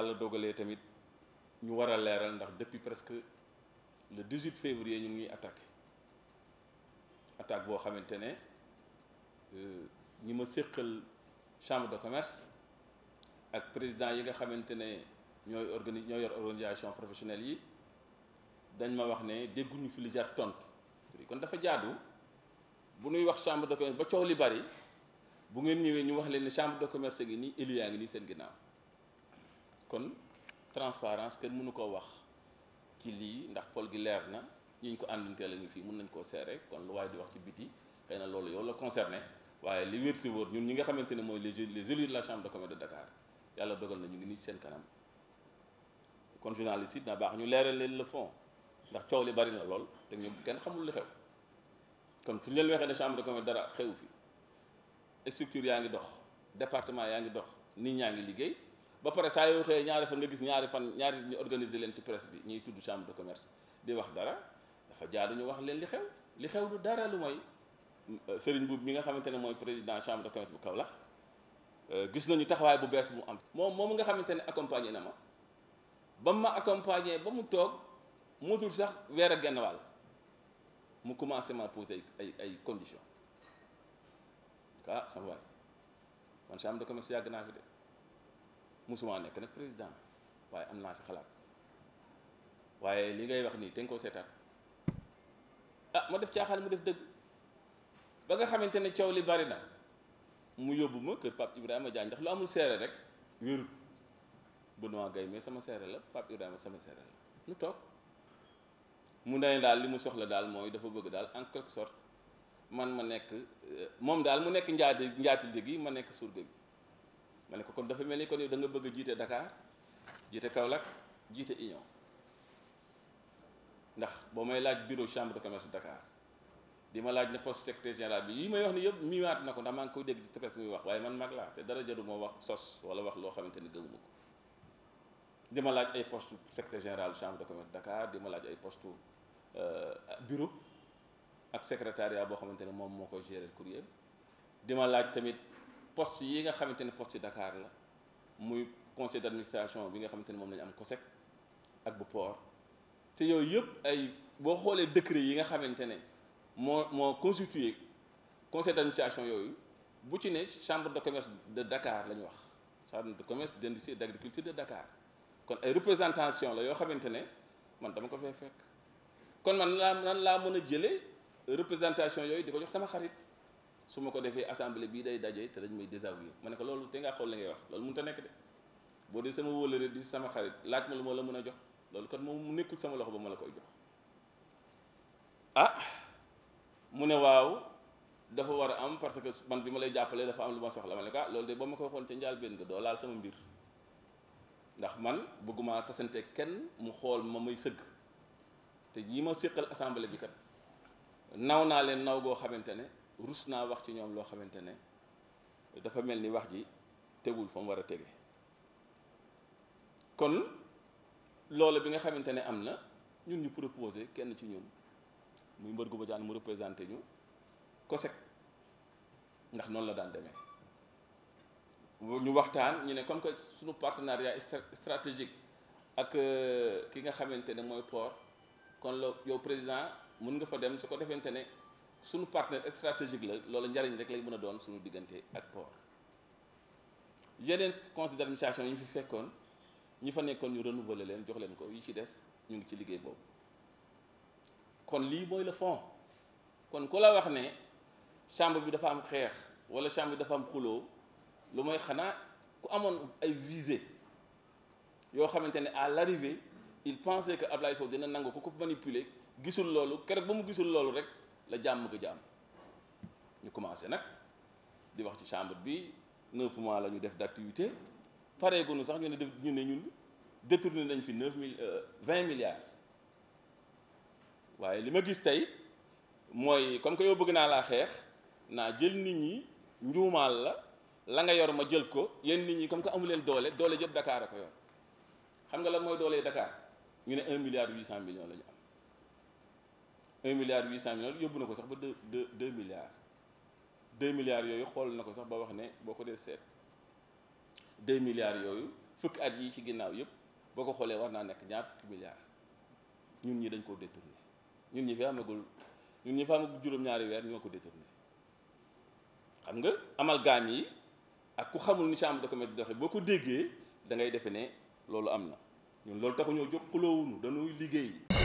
yàlla dogalé tamit ñu wara léral ndax depuis presque le 18 février ñu ngi attaqué attaque bo xamantene euh ñima sékkal chambre de commerce ak président yi nga xamantene ñoy ñooy organi ñoo yor organisation professionnelle yi dañ ma wax ne dégguñu fi li jar tontu kon dafa jaadu bu ñuy wax chambre de commerce ba ciow li bari bu ngeen ñëwee ñu wax leen chambre de commerce gi ni élu yaa ngi nii seen ginnaaw kon transparence kenn mënu ko wax ci lii ndax pol gi leer na ñu ko àndantee la ñu fii mën nañ koo seere kon lu waaye di wax ci biti xëy na loolu yow la concerné waaye li wérti wóor ñun ñi nga xamante ne mooy les les élus de la chambre de commerce de Dakar yàlla dogal na ñu ngi nii seen kanam kon journaliste yi dina baax ñu leeral leen le fond ndax coow li bari na lool te ñu kenn xamul li xew kon fu ñu leen waxee ne chambre de commerce dara xew fi structure yaa ngi dox département yaa ngi dox nit ñaa ngi liggéey ba pare sa yoo xëyee ñaari fa nga gis ñaari fan ñaari ñu organiser len ci presse bi ñuy tuddu chambre de commerce di wax dara dafa jaadu ñu wax len li xew li xew du dara lu moy Serigne Mboup mi nga xamantene moy président chambre de commerce bu kaw Kaolack gis nañu taxaway bu bes bu am. mom mom nga xamantene accompagner na ma bam ma accompagner ba mu tok mutul sax wéra ak mu commencer ma poser ay ay conditions ka sama waay man chambre de commerce yag na fi de. musuma nekk nag président waaye am naa fi xalaat waaye li ngay wax nii te nga koo seetaat ah ma def caaxaan mu def dëgg ba nga xamante ne coow li bari na mu yóbbu ma kër Pape Ibrahima Diagne ndax lu amul seere rek wérut Benoît Gaye mais sama seere la Pape Ibrahima sama seere la ñu toog mu ne daal li mu soxla daal mooy dafa bëgg daal en quelque sorte man ma nekk moom daal mu nekk njaati njaati dégg yi ma nekk surga bi ma ne ko kon dafa mel ni kon yow da bëgg a jiite Dakar jiite Kaolack jiite Union ndax boo may laaj bureau chambre de commerce Dakar di ma laaj ne poste secteur général bi yi may wax ni yëpp miwaat na ko ndax maa ngi ko dégg ci tefes muy wax waaye man mag laa te dara jaru ma wax sos wala wax loo xamante ni gëmuma ko di ma laaj ay post secrétaire général chambre de commerce dakaar di ma laaj ay poste euh, bureau ak secrétariat boo xamante ne moom moo koy gérer courrier di ma laaj tamit poste yi nga xamantene poste Dakar la muy conseil d'administration bi nga xamantene mom lañ am COSEC ak bu port té yoy yëpp ay bo xolé décret yi nga xamantene mo mo constituer conseil d'administration yoy bu ci né chambre de commerce de Dakar lañ wax chambre de commerce d'industrie d'agriculture de Dakar kon ay représentation la yo xamantene man dama ko fay fekk kon man laa nan laa mën a représentation yoy diko ko jox sama xarit su ma ko defee assemblée bii day daje te dañ may désavouer ma ne ko loolu te ngaa xool li ngay wax loolu mënut a nekk de boo dee sama wóolare di sama xarit laaj ma lu ma la mën a jox loolu kat moom nekkul sama loxo ba ma la koy jox ah mu ne waaw dafa war a am parce que man bi ma lay jàppalee dafa am lu ma soxla ma ne ah loolu de ba ma ko waxoon ca njëlbéen nga doo laal sama mbir ndax man bëgguma tasante kenn mu xool ma may sëgg te yi ma séqal assemblée bi kat naw naa leen naw goo xamante ne rus naa wax ci ñoom loo xamante ne dafa mel ni wax ji tegul fa mu war a tege kon loola bi nga xamante ne am na ñun ñu proposé kenn ci ñun muy mbër gu Badiane mu représenté ñu COSEC ndax noonu la daan demee ñu waxtaan ñu ne comme que suñu partenariat stratégique ak euh, ki nga xamante ne mooy port kon la yow président mun nga fa dem su ko defante ne suñu partenaire stratégique la loolu njariñ rek lay mën a doon suñu diggante ak port yeneen conseil d'administration yi ñu fi fekkoon ñi fa nekkoon ñu renouveler leen jox leen ko yi ci des ñu ngi ci liggéey boobu kon lii mooy le fond kon ku la wax ne chambre bi dafa am xeex wala chambre bi dafa am xuloo lu mooy xanaa ku amoon ay visée yoo xamante ne à l'arrivée il pensait que Ablaye Sow dina nangu ko ko manipuler gisul loolu keroog ba mu gisul loolu rek la jàmm gëj a am ñu commencé nag di wax ci chambre bi neuf mois la ñu def d' activité pareeguñu sax ñu ne def ñu ne ñun détourné nañ fi neuf mil euh, vingt milliards waaye li ma gis tey mooy comme que yow bëgg naa laa xeex naa jël nit ñi njuumaal la la nga yor ma jël ko yéen nit ñi comme que amu leen doole doole yëpp Dakar a ko yor xam nga lan mooy doole Dakar ñu ne un milliard huit cent millions la ñu am un milliard huit cent millions yóbbu na ko sax ba deux deux deux milliards deux milliards yooyu xool na ko sax ba wax ne boo ko dee seet deux milliards yooyu fukki at yii ci ginnaaw yëpp boo ko xoolee war naa nekk ñaar fukki milliards ñun ñi dañ koo détourné ñun ñi fi amagul ñun ñi fi amagul juróom-ñaari weer ñoo ko détourné xam nga amal amalgame yi ak ku xamul ni chambre de commerce di doxee boo ko déggee da ngay defe ne loolu am na ñun loolu taxuñoo jóg xulóowuñu dañuy liggéey.